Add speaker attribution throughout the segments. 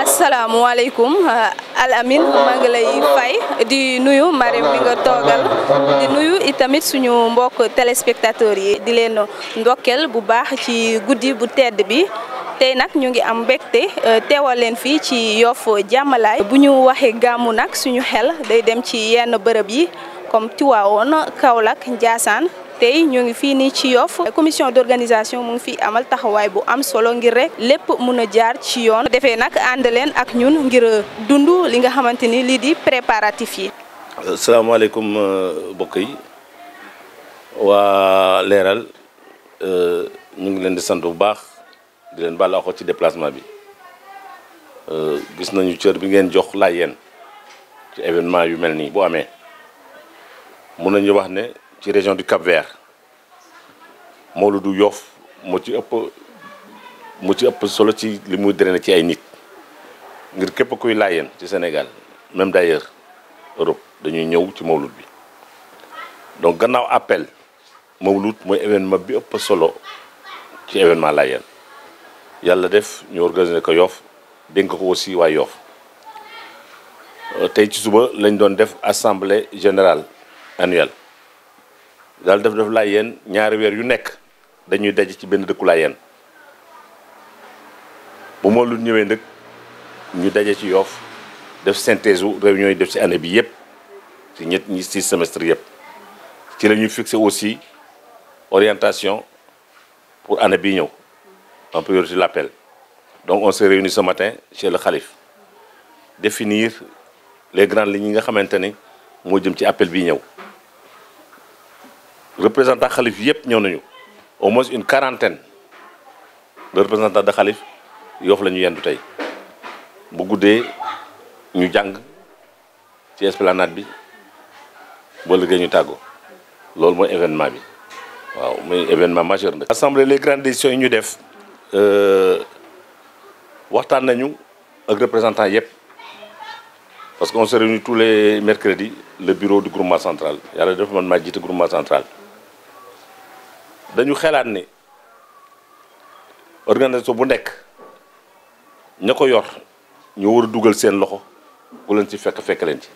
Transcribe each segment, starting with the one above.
Speaker 1: asalaamaaleykum euh, Al Amin maa ngi lay fay di nuyu Marème mi nga toogal di nuyu itamit suñu mbokk téléspectateurs yi di leen ndokkel bu baax ci guddi bu tedd bi tey nag ñu ngi am mbégte euh, teewal leen fii ci Yoff Jàmmalaay bu ñu waxee gàmmu nag suñu xel day dem ci yenn bërëb yi comme Tiwaawoon Kaolack Njaasaan tey ñoo ngi fii nii ci Yoff commission d'organisation mu ngi fi amal taxawaay bu am solo ngir rek lépp mun a jaar ci yoon defee nag ànd leen ak ñun ngir dund li nga xamante ni lii di préparatif yi
Speaker 2: salaamaaleykum euh, mbokk yi waa leeral mu euh, ngi leen di sant bu baax di leen bàlla ci déplacement bi euh, gis nañu cër bi ngeen jox laaj yeen ci événement yu mel nii bu amee mun nañu wax ne ci région du Cap-Vert Mawludu Yoff moo ci ëpp moo ci ëpp solo ci li muy drainer ci ay nit ngir képp kuy laayeen ci Sénégal même d'ailleurs Europe dañuy ñëw ci Mawlud bi donc gannaaw appel Mawlud mooy événement bi ëpp solo ci événement laayeen yàlla def ñu organiser ko Yoff dénk ko aussi waa yoof euh, tey ci suba lañ doon def assemblée général annuelle daal def def laayeen ñaari weer yu nekk dañuy daje ci benn dëkku laayeen bu moo lu ñëwee nag ñu daje ci yoof def synthèse wu réunion yi def ci année bi yëpp ci ñett ci six semestre yëpp ci la ñuy fixé aussi orientation pour anne bi ñëw en priorité l'appel donc on s'est réunis ce matin chez le khalife définir les grandes lignes yi nga xamante ni moo jëm ci appel bii ñëw représentant xalif yëpp ñëw nañu au moins une quarantaine de représentant de xalif yoof la ñu yendu tey bu guddee ñu jàng ci esplanade bi ba liggéey ñu tàggoo loolu mooy événement bi waaw mooy événement majeur nag assemblée les grandes décisions yi ñu def euh, waxtaan nañu ak représentant yëpp parce que on se réunit tous les mercredis le bureau du groupement central yàlla def man maa jiite groupement central dañu xelaat ne organisation bu nekk ña ko yor ñoo war a dugal seen loxo bu leen ci fekk fekk leen ci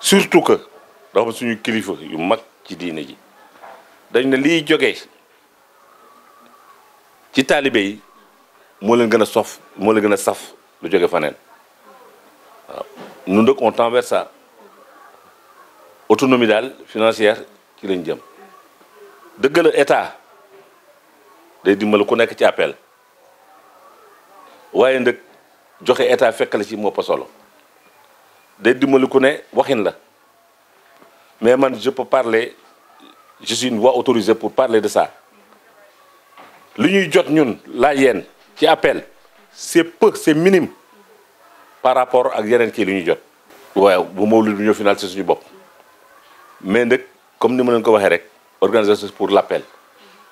Speaker 2: surtout que dafa am suñu kilifa yu mag ci diine ji dañ ne liy jógee ci taalibe yi moo leen gën a sof moo leen gën a saf lu jóge faneen waaw ñun nag on tend vers daal financière ci lañ jëm dëgg état day dimbali ku nekk ci appel waaye nag joxe état fekk la ci moo solo day dimbali ku ne waxin la mais man je peux parler je suis une voix autorisée pour parler de ça li ñuy jot ñun laa yeen ci appel c'est peu c'est minime par rapport ak yeneen kii li ñuy jot. waaw bu Mawlid bi ñëw final ci suñu bopp mais nag comme ni ma leen ko waxee rek. organisation pour l' appel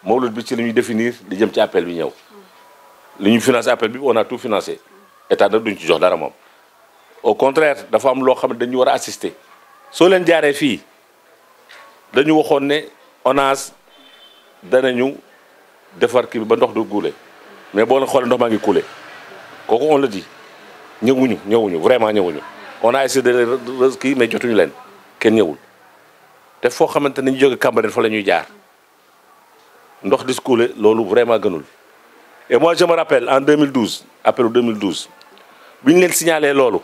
Speaker 2: mawlud bi ci lu ñuy définir di jëm ci appel bi ñëw li ñuy financé appel bi on a tout financé état nag duñ ci jox dara moom au contraire dafa am loo xam ne dañu war a assister soo leen jaaree fii dañu waxoon ne dana ñu defar kii bi ba ndox du guule mais boo leen xoolee ndox maa ngi coulé kooku on le dit ñëwuñu ñëwuñu vraiment ñëwuñu on a essayé de kii mais jotuñu leen kenn ñëwul te foo xamante ni ñu jóge Cambérène fa la ñuy jaar ndox di couler loolu vraiment gënul et mois je me rappelle en 2012 appel 2012 bi ñu leen signalé loolu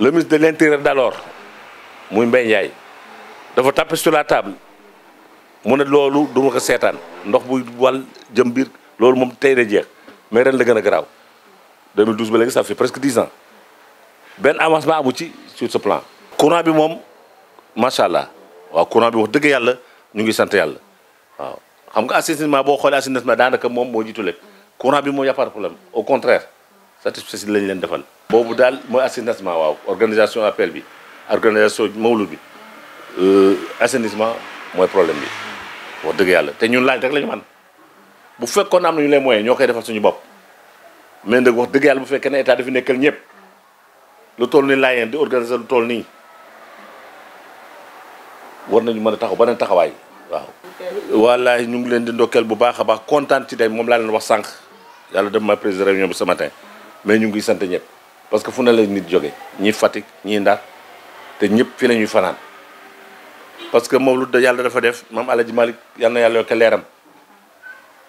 Speaker 2: le ministre de l'intérieur d'alors muy Mbaye Ndiaye dafa tapé sur la table mu ne loolu du ma ko seetaan ndox bu wal jëm biir loolu moom tey de jeex mais ren la gën a garaaw 2012 ba léegi ça fait presque 10 ans benn avancement amu ci sur ce plan courant bi moom. macha allah waaw courant bi wax dëgg yàlla ñu ngi sant yàlla waaw xam nga assainissement boo xoolee assainissement daanaka moom moo jiitu lépp courant bi moo yàppaat problème au contraire satisfaction lañ leen defal. boobu daal mooy assainissement waaw organisation appel bi organisation mawlu bi euh, assainissement mooy problème bi wax dëgg yàlla te ñun laaj rek lañu man bu fekkoon am nañu les moyens ñoo koy defal suñu bopp mais nag wax dëgg yàlla bu fekkee ne état dafi nekkal ñëpp lu toll ni laajeen di organiser lu toll nii. war nañu mën a taxaw beneen taxawaay waaw. wallahi ñu ngi leen di ndokkeel bu baax a baax kontaan ci tey moom laa leen wax sànq yàlla def ma président réunion bi ce matin mais ñu ngi sant ñëpp parce que fu ne la nit jóge ñii Fatick ñii Ndar te ñëpp fi la ñuy fanaan parce que moom lu da yàlla dafa def maam Alaaji Malick yal na yàlla yokk leeram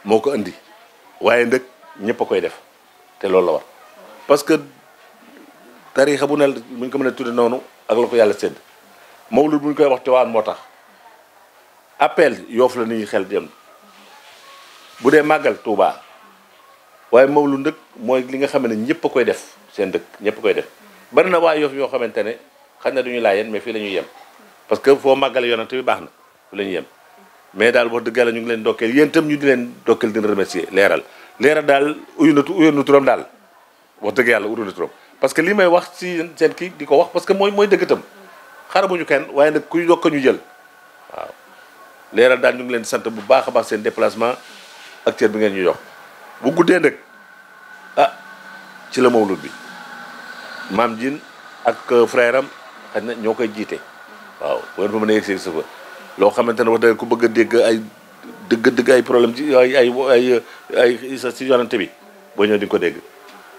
Speaker 2: moo ko indi waaye ndëkk ñëpp a koy def te loolu la war parce que tariixa bu ne bu ñu ko mën a tudde noonu ak la yàlla sédd mawlud bu ñu koy wax Tiwaawan moo tax appel yoof la ñuy xel dem bu dee màggal Touba waaye mawlud ndëkk mooy li nga xam ne ñëpp koy def seen dëkk ñëpp koy def bari na waa Yoff yoo xamante ne xañ na du ñu laayeen mais fii la ñuy yem parce que foo màggale yonent bi baax na fii la yem mais daal wax dëgg ñu ngi leen dokkeel yéen itam ñu di leen dokkeel dina remercier leeral leeral daal uyu na uyu na daal wax dëgg yàlla uyu na turam parce que lii may wax ci seen kii di k wax parce que mooy mooy dëgg itam xarabuñu kenn waaye nag kuy yokk ñu jël waaw leeral daal ñu ngi leen sant bu baax a baax seen déplacement ak bi ngeen ñu jox bu guddee nag ah ci la mawlud bi maam Diin ak euh, frère am xëy na ñoo koy jiite waaw war fa mën a yegg sa loo xamante ne wax dëgg ku bëgg a dégg ay dëgg ay problème ci ay ay ay ay si yonante bi boo ñoo di ko dégg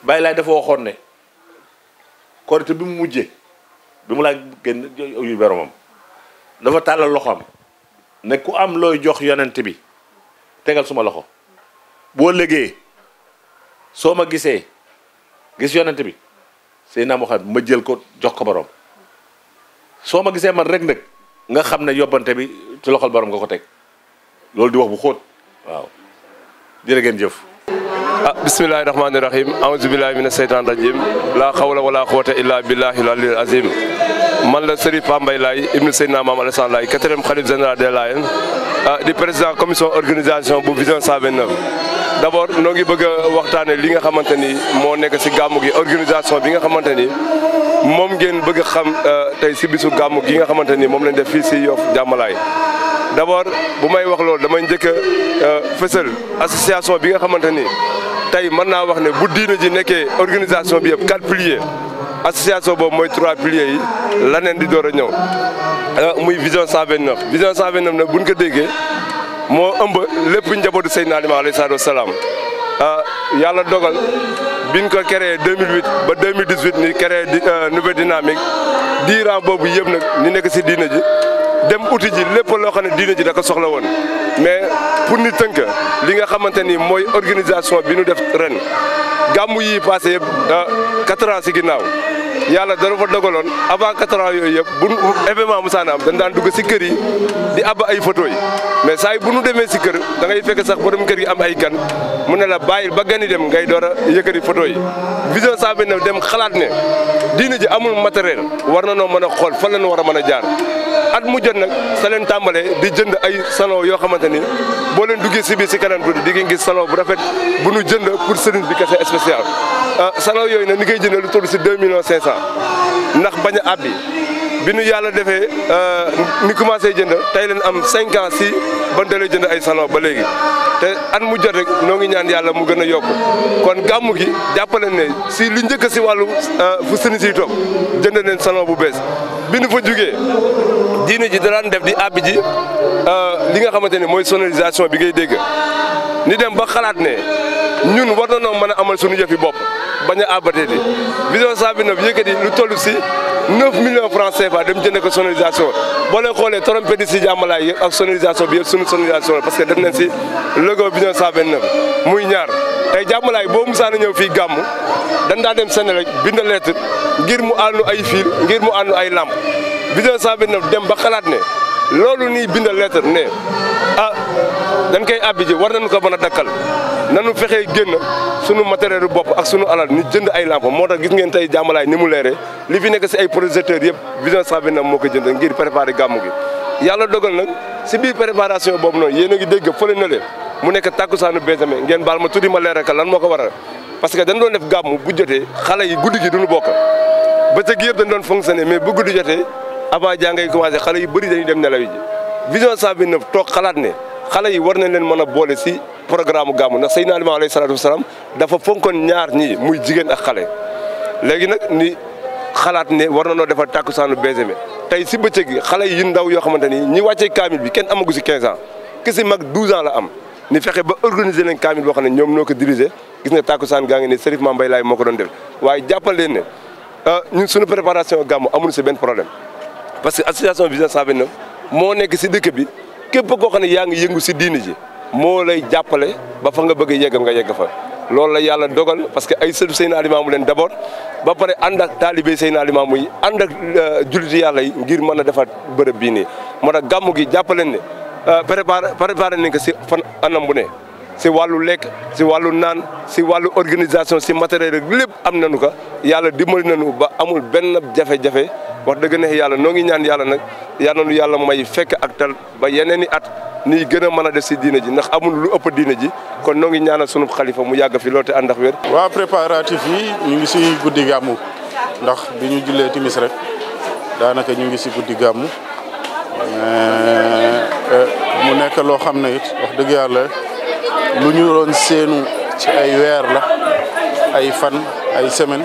Speaker 2: bay laay dafa waxoon ne korité bi mu mujjee bi mu laaj génn yu boromam dafa tàllal loxoom ne ku am looy jox yonent bi tegal suma loxo boo légee soo ma gisee gis yonent bi sëy naa moo xam ma jël ko jox ko borom soo ma gisee man rek nag nga xam ne yobbante bi ci loxol borom nga ko teg loolu di wax bu xóot
Speaker 3: waaw jërë ngeen jëf ah bismillahi rahmaani rahim aouzu billahi mina seytaan rajim laa xawla wala quwata illa billahi lalil azim man la Serigne Pape Mbaye Laye ibnu Seydina Mame Alassane Laye quatrième khalife général des Layènes ah, di président commission organisation bu vision 129 d' abord noo ngi bëgg a waxtaane li nga xamante ni moo nekk si gàmmu gi organisation bi nga xamante ni moom ngeen bëgg xam ah, tey si bisu gàmmu gi nga xamante ni moom lañ def fii si Yoff Jàmmalaay d' abord bu may wax loolu damay njëkk a euh, fësal association bi nga xamante ni tey mën naa wax ne bu diina ji nekkee organisation bi yëpp quatre piliers association boobu mooy trois piliers yi la laneen di door a ñëw euh, muy vision 129 vision 129 nag buñ ko déggee moo ëmb lépp njabootu Seydina Limamou alayhi salaatu wasalaam euh, yàlla dogal bi biñ ko créé 2008 ba 2018 ni créé nouvelle dynamique diiran boobu yëpp nag ni nekk si diina ji dem uti ji lépp loo xam ne diine ji da ko soxla woon mais pour ni tënk li nga xamante ni mooy organisation bi nu def ren gàmmu yi passé yëpp ah, quatre ans si ginnaaw yàlla dara fa dogaloon avant quatre ans yooyu yëpp bu événement musaana am daan dugg si kër yi di abba ay photo yi mais saa yi bu nu demee si kër da ngay fekk sax borom kër gi am ay gan mu ne la bàyyil ba gan yi dem ngay door a yëkkati photo yi vision saa bi ne dem xalaat ne diine ji amul matériel war na noo mën a xool fan la ñu war a mën a jaar at mu jot nag sa leen tàmbalee di jënd ay salon yoo xamante ni boo leen duggee si biir si kanam tuuti di ngeen gis salon bu rafet bu nu jënd pour sëriñ bi kese spécial euh, salon yooyu nag ni koy 300 ndax bañ a àbbi bi nu yàlla defee euh, ni commencé jënd tey leen am 5 si ban dalee jënd ay salon ba léegi te an mu jot rek noo ngi ñaan yàlla mu gën a yokku kon gàmmu gi jàppale ne si lu njëkk si wàllu euh, fu sëriñ siy toog jënd leen salon bu bees bi nu fa jugee diine ji daan def di àbbi ji euh, li nga xamante ne mooy sonorisation bi ngay dégg ni dem ba xalaat ne. ñun war na noo mën a amal suñu yëfi bopp bañ a abatee di vision 129 yëkkati lu toll si 9 millions francs CFA dem jënd ko sonorisation boo leen xoolee trompette yi si jàmbalaay yëpp ak sonorisation bi yëpp suñu sonorisation la parce que def nañ si logo vision 129 muy ñaar tey jàmbalaay boo musaana ñëw fii gàmm dañ daa dem seen rek bind lettre ngir mu àndu ay fiil ngir mu àndu ay làmp vision 129 dem ba xalaat ne loolu nii bind lettre ne ah, dañ koy àbbi ji war nañu ko mën a dakkal nañu fexe génn sunu matériel bopp ak sunu alal ñu jënd ay lampe moo tax gis ngeen tey jàmbalaay ni mu leere li fi nekk si ay projecteurs yëpp vision cent moo ko jënd ngir préparer gàmmu gi yàlla dogal nag si biir préparation boobu noonu yéen a ngi dégg fële na lee mu nekk tàkkusaanu Benjamin ngeen baal ma tuddi ma leeral lan moo ko waral parce que dañ doon def gàmmu bu jotee xale yi guddi gi duñu bokk bëccëg yëpp dañ doon fonctionner mais bu guddi jotee avant xale yu bëri dañuy dem nelaw yi ji vision cent vingt-neuf xalaat ne xale yi war nañ leen mën a boole si programme gàmmu ndax Seydina Limaamu alayhi salaatu wasalaam dafa fonkoon ñaar ñi muy jigéen ak xale léegi nag ni xalaat ne war na noo defal tàkkusaanu bésame tey si bëccëg gi xale yi ndaw yoo xamante ni ñi wàccee kaamil bi kenn amagu si 15 ans ki si mag la am ni fexe ba organiser leen kaamil boo xam ne ñoom noo ko diriger gis nga tàkkusaan gaa ngi ni Serif Mame Mbaye Laye moo ko doon dem waaye jàppal leen ne euh, ñun suñu préparation gàmmu amul si benn problème parce que association Vision 129 moo nekk si dëkk bi képp koo xam ne yaa ngi yëngu si diini ji moo lay jàppale ba fa nga bëgg a yegg nga yegg fa. loolu la yàlla dogal parce que ay sëtu Seydina Limaamu leen d'abord ba pare ànd ak taalibe Seydina Limaamu yi ànd ak euh, julliti yàlla ngir mën a defaat bërëb bii nii. moo tax gàmmu gi jàppaleen ne euh, préparé préparé nañ ko si fan anam bu ne si wàllu lekk si wàllu naan si wàllu organisation si matériel rek lépp am nañu ko yàlla dimbali nañu ba amul benn jafe-jafe. wax dëgg neex yàlla noo ngi ñaan yàlla nag yal na nu yàlla may fekk ak tal ba yeneen i at nii gën a mën a def si diina ji ndax amul lu ëpp diina ji kon noo ngi ñaanal sunu xalifa mu yàgg fi lool te ànd ak waa préparatif yi ñu ngi si guddi gàmmu ndax bi ñu jullee timis rek daanaka ñu ngi si guddi
Speaker 4: gàmmu euh, mu nekk loo xam ne it wax dëgg yàlla lu ñu doon seenu ci ay weer la ay fan ay semaine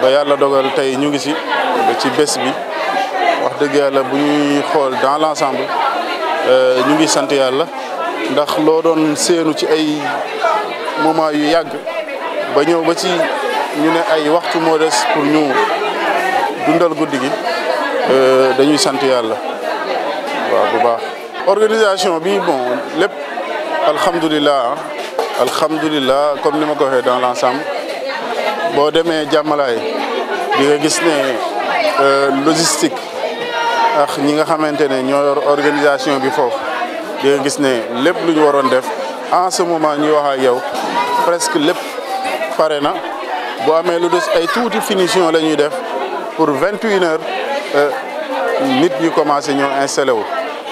Speaker 4: ba yàlla dogal tey ñu ngi si ci bés bi wax dëgg yàlla bu ñuy xool dans l'ensemble euh, ñu ngi sant yàlla ndax loo doon séenu ci ay moment yu yàgg ba ñëw ba ci ñu ne ay waxtu moo des pour ñu dundal guddi gi euh, dañuy sant yàlla waaw bu baax. organisation bi bon lépp alhamdulilah alhamdulilah comme ni ma ko waxee dans l'ensemble. boo demee jàmmalaay di nga gis ne euh, logistique ak ñi nga xamante ne ñoo yor organisation bi foofu di gis ne lépp lu ñu waroon def en ce ñuy wax ak yow presque lépp pare na boo amee lu des ay tuuti finition la ñuy def pour vingt une heures euh, nit ñi commencé ñoo installé wu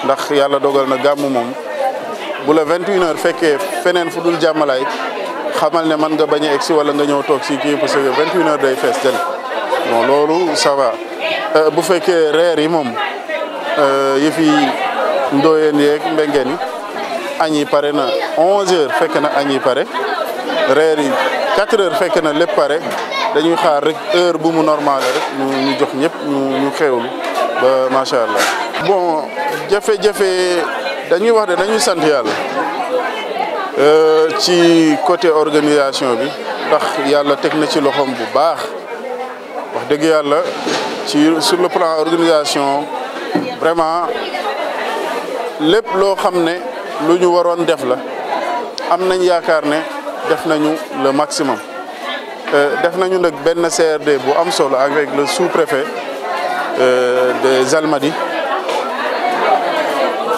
Speaker 4: ndax yàlla dogal na gàmm moom bu la vingt une heures fekkee feneen fu dul jàmmalaay xamal ne man nga bañ a egsi wala nga ñëw toog si kii parce que vingt une heures day fees del bon loolu ça va euh, bu fekkee reer yi moom euh, yëf yi ndooyeen yeeg mbengeen yi añ pare na onze heures fekk na añ pare reer yi quatre heures fekk na lépp pare dañuy xaar rek heure bu mu normal rek ñu jox ñëpp ñu ñu xewlu ba macha allah. bon jafe-jafe dañuy wax de dañuy sant yàlla. Euh, ci côté organisation bi ndax yàlla teg na ci loxoom bu baax wax dëgg yàlla ci sur le plan organisation vraiment lépp loo xam ne lu ñu waroon def la am nañ yaakaar ne def nañu le maximum. Euh, def nañu nag benn CRD bu am solo avec le sous-préfet euh, des Almadies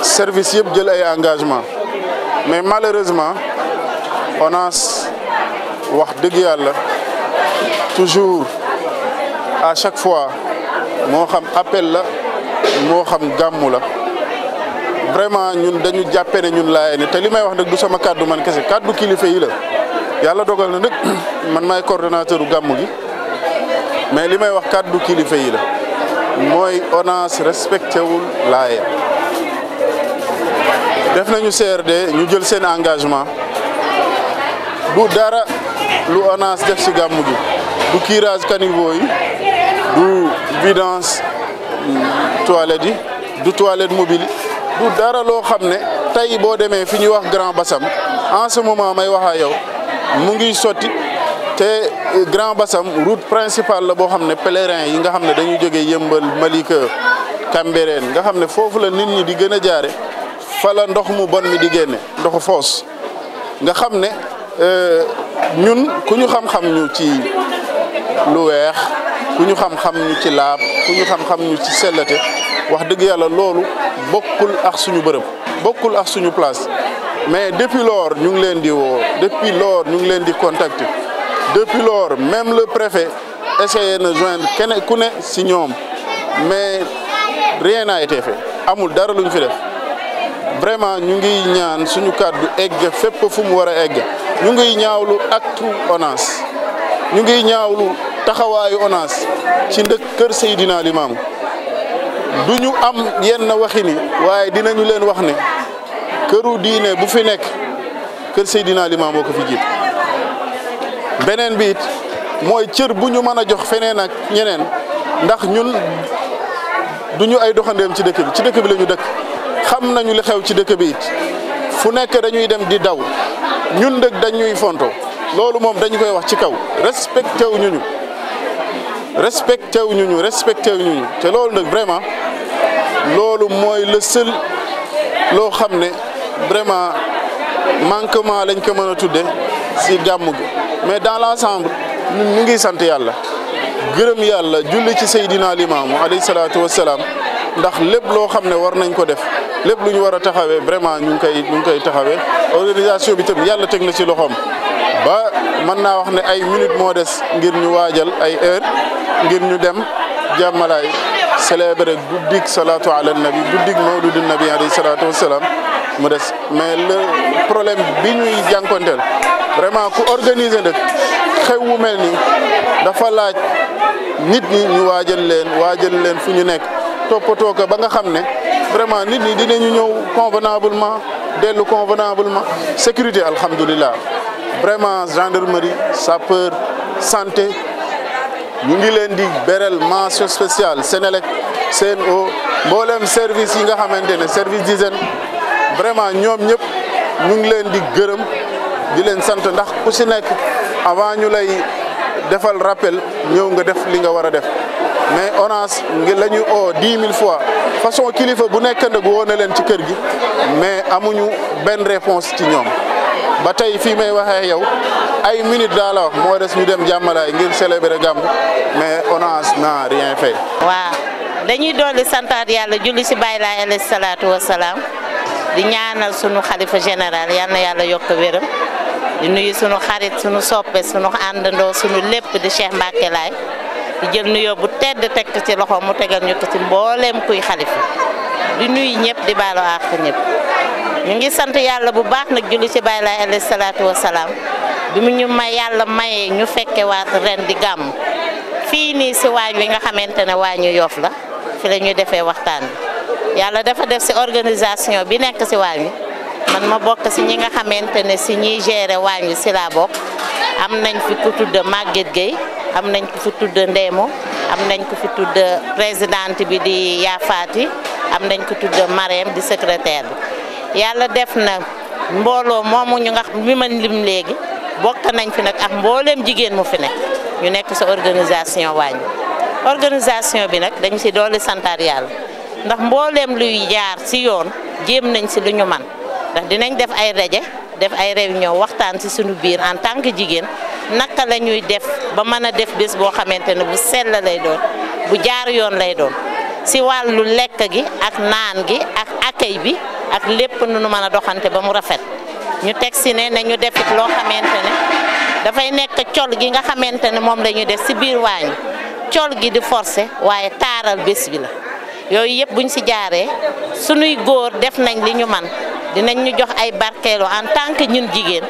Speaker 4: service yëpp jël ay engagement mais malheureusement ONAS wax dëgg yàlla toujours à chaque fois moo xam appel la moo xam gàmmu la vraiment ñun dañu jàppe ne ñun laay ne te li may wax nag du sama kàddu man kese kàddu kilifa yi la yàlla dogal na nag man maay coordonnateur u gàmmu gi mais li may wax kàddu kilifa yi la mooy ONAS respecté wul laay def nañu CRD ñu jël seen engagement du dara lu ONAS def ci gàmmu gi du curage caniveau yi du vidange toilette yi du toilette mobile du dara loo xam ne tey boo demee fi ñuy wax Grand Bassam en ce moment may waxaa ak yow mu ngi sotti te Grand Bassam route principale la boo xam ne pèlerin yi nga xam ne dañuy jógee yëmbal Malika Cambérène nga xam ne foofu la nit ñi di gën a jaare fa ndox mu bon mi di génne ndoxu foos nga xam ne euh, ñun ku ñu xam-xam ñu ci lu weex ku ñu xam-xam ñu ci laab ku ñu xam-xam ñu ci sellate wax dëgg yàlla loolu bokkul ak suñu bërëb bokkul ak suñu place mais depuis lors ñu ngi leen di woo depuis lors ñu ngi leen di contacter depuis même le préfet essayé na joindre kenn ku ne si ñoom mais rien n'a été fait amul dara lu fi def. vraiment ñu ngi ñaan suñu kàddu egg fépp fu mu war egg ñu ngiy ñaawlu actu ONAS ñu ngi ñaawlu taxawaayu ONAS ci ndëkk kër Seydina Limaamu du ñu am yenn waxini ni waaye dinañu leen wax ne këru diine bu fi nekk kër Seydina Limaamu moo ko fi jiit beneen bi it mooy cër bu ñu mën a jox feneen ak ñeneen ndax ñun du ñu ay doxandeem ci dëkk bi ci dëkk bi la ñu dëkk xam nañu li xew ci dëkk bi fu nekk dañuy dem di daw ñun dëkk dañuy fonto loolu moom dañu koy wax ci kaw respecté wu ñu ñu respecté wu ñu ñu respecté wu te loolu nag vraiment loolu mooy le sël loo xam ne vraiment manquement lañ ko mën a tudde si gàmm gi mais dans l'ensemble ñun ñu ngi sant yàlla gërëm yàlla julli ci Seydina Limaamu alayhi salaatu wassalaam ndax lépp loo xam ne war nañ ko def lépp lu ñu war a taxawee vraiment ñu ngi koy ñu ngi koy taxawee organisation bi tam yàlla teg na ci loxoom ba mën naa wax ne ay minutes moo des ngir ñu waajal ay heure ngir ñu dem jàmmalaay célébrer guddik salaatu ala moo du mawludun nabi alayhi salaatu wasalaam mu des mais le problème bi ñuy jànkonteel vraiment ku organiser nag xew wu mel ni dafa laaj nit ñi ñu waajal leen waajal leen fu ñu nekk toppatoo ko ba nga xam ne vraiment nit ñi dina ñu ñëw convenablement dellu convenablement sécurité alhamdulilah vraiment gendarmerie sapeur santé ñu ngi leen di beral mention spéciale Sénélec CNO mbooleem service yi nga xamante ne service d'hygiène vraiment ñoom ñëpp ñu ngi leen di gërëm di leen sant ndax ku si nekk avant ñu lay defal rappel ñëw nga def li nga war a def. mais Orange ngi la ñu oo dix mille fois façon kilifa bu nekk ndëg woo na leen ci kër gi mais amuñu benn réponse ci ñoom ba tey fii may waxee yow ay minute daa la wax moo des ñu dem jàmmalaay ngir célébrer Gamou mais Orange n'a rien fait.
Speaker 5: waaw dañuy dolli santaat yàlla julli si Baay Laay alayhi salaatu wa salaam di ñaanal sunu xalifa général yal yàlla yokk wéram di nuyu sunu xarit sunu soppe sunu àndandoo sunu lépp di Cheikh Mbacke di jël nuyoo bu tedd teg ci loxo mu tegal ñu ko ci mbooleem kuy xalifa di nuyu ñëpp di baalu àq ñëpp ñu ngi sant yàlla bu baax nag julli ci Baay Laay alayhi salaam bi mu ñu may yàlla mayee ñu fekke waat ren di gàmm fii nii si waañ wi nga xamante ne waañu Yoff la fi la defee waxtaan bi yàlla dafa def si organisation bi nekk si waañ wi man ma bokk si ñi nga xamante ne si ñiy gérer waañ wi si laa bokk am nañ fi ku tudd Maguette Gueye am nañ ko fi tudd Ndémo am nañ ko fi tudd présidente bi di Yaafaati am nañ ko tudd Marème di secrétaire bi yàlla def na mbooloo moomu ñu nga bi ma lim léegi bokk nañ fi nag ak mbooleem jigéen mu fi nekk ñu nekk sa organisation wàññi organisation bi nag dañ si doole santaar yàlla ndax mbooleem luy jaar si yoon jéem nañ si lu ñu man ndax dinañ def ay raje def ay réunion waxtaan si suñu biir en tant que jigéen naka la ñuy def ba mën a def bés boo xamante ne bu sell lay doon bu jaar yoon lay doon si wàllu lekk gi ak naan gi ak accueil bi ak lépp nu nu mën a doxante ba mu rafet ñu teg si ne nañu defit loo xamante ne dafay nekk col gi nga xamante ne moom lañuy def si biir waañ col gi di forcé waaye taaral bés bi la yooyu yëpp buñ si jaaree sunuy góor def nañ li ñu man dinañ ñu jox ay barkeelu en tant que ñun jigéen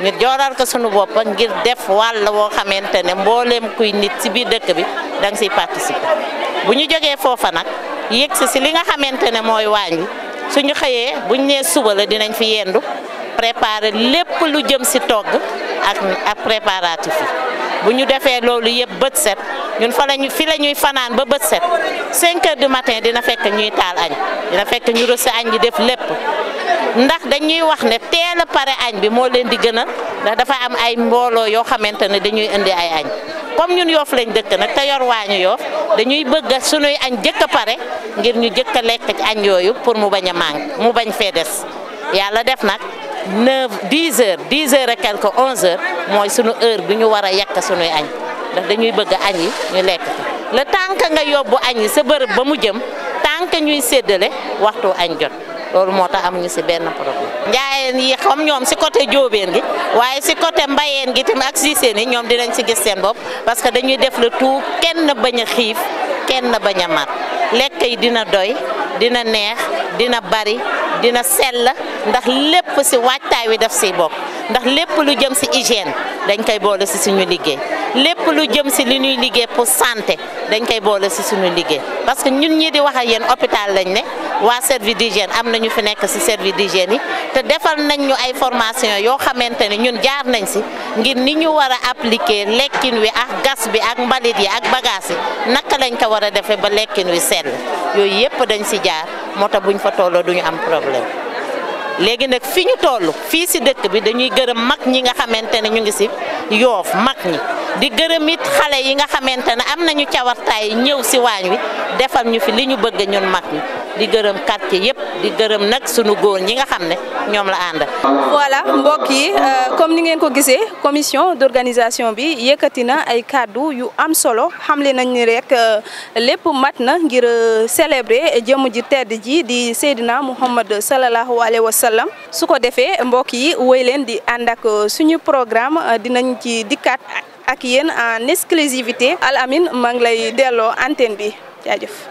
Speaker 5: ñu jooral ko sunu bopp ngir def wàll woo xamante ne mbooleem kuy nit si biir dëkk bi da siy participer bu ñu jógee foofa nag yëg si si li nga xamante ne mooy waañ bi suñu xëyee buñ nee suba la dinañ fi yendu préparer lépp lu jëm si togg ak ak préparatif yi bu ñu defee loolu yëpp bët set ñun fa lañu fi la ñuy fanaan ba bët set 5 heures du matin dina fekk ñuy taal añ dina fekk ñu rësi añ di def lépp ndax dañuy wax ne teel a pare añ bi moo leen di gën a ndax dafa am ay mbooloo yoo xamante ne dañuy indi ay añ comme ñun yoof lañ dëkk nag te yor waañu yoof dañuy bëgg sunuy añ jëkk a pare ngir ñu jëkk a lekk ci añ yooyu pour mu bañ a manqué mu bañ fee des yàlla def nag 9 10 heures 10 heures et quelque 11 heures mooy suñu heure bi ñu war a yekk sunuy añ ndax dañuy bëgg añ yi ñu lekk la le que nga yóbbu añ yi sa bërëb ba mu jëm tant que ñuy séddale waxtu añ jot. loolu moo tax amuñu si benn problème njaayeen yi xam ñoom si côté jóobeen gi waaye si côté mbayeen gi tamit ak siiseen yi ñoom dinañ si gis seen bopp parce que dañuy def le tout kenn bañ a xiif kenn bañ a mat lekk yi dina doy dina neex dina bari dina sell ndax lépp si waajtaay wi daf siy bokk ndax lépp lu jëm si hygiène dañ koy boole si suñu liggéey lépp lu jëm si li ñuy liggéey pour santé dañ koy boole si suñu liggéey parce que ñun ñi di wax ak yéen hôpital lañ ne waa service d'hygiène am na ñu fi nekk si service d'hygiène yi te defal nañ ñu ay formation yoo xamante ne ñun jaar nañ si ngir ni ñu war a appliquer lekkin wi ak gas bi ak mbalit yi ak bagage yi naka lañ ko war a defee ba lekkin wi sell yooyu yëpp dañ si jaar moo tax buñ fa tolloo duñu am problème léegi nag fi ñu toll fii si dëkk bi dañuy gërëm mag ñi nga xamante ne ñu ngi si yoof mag ñi di gërëm it xale yi nga xamante ne am nañu cawartaay ñëw si waañ wi defal ñu fi li ñu bëgg ñun mag ñi di gërëm quartier yëpp di gërëm nag sunu góor ñi nga xam ne ñoom la ànd. voilà
Speaker 1: mbokk yi euh, comme ni ngeen ko gisee commission d'organisation bi yëkkati na ay kàddu yu am solo xamle nañ ni rek euh, lépp mat na ngir euh, célébrer jëmm ji tedd ji di Seydina Muhammad sallallahu alayhi wa sallam su ko defee mbokk yi woy leen di ànd ak suñu programme dinañ ci dikkaat ak yéen en exclusivité Al Amine mag lay delloo antenne bi jaajëf.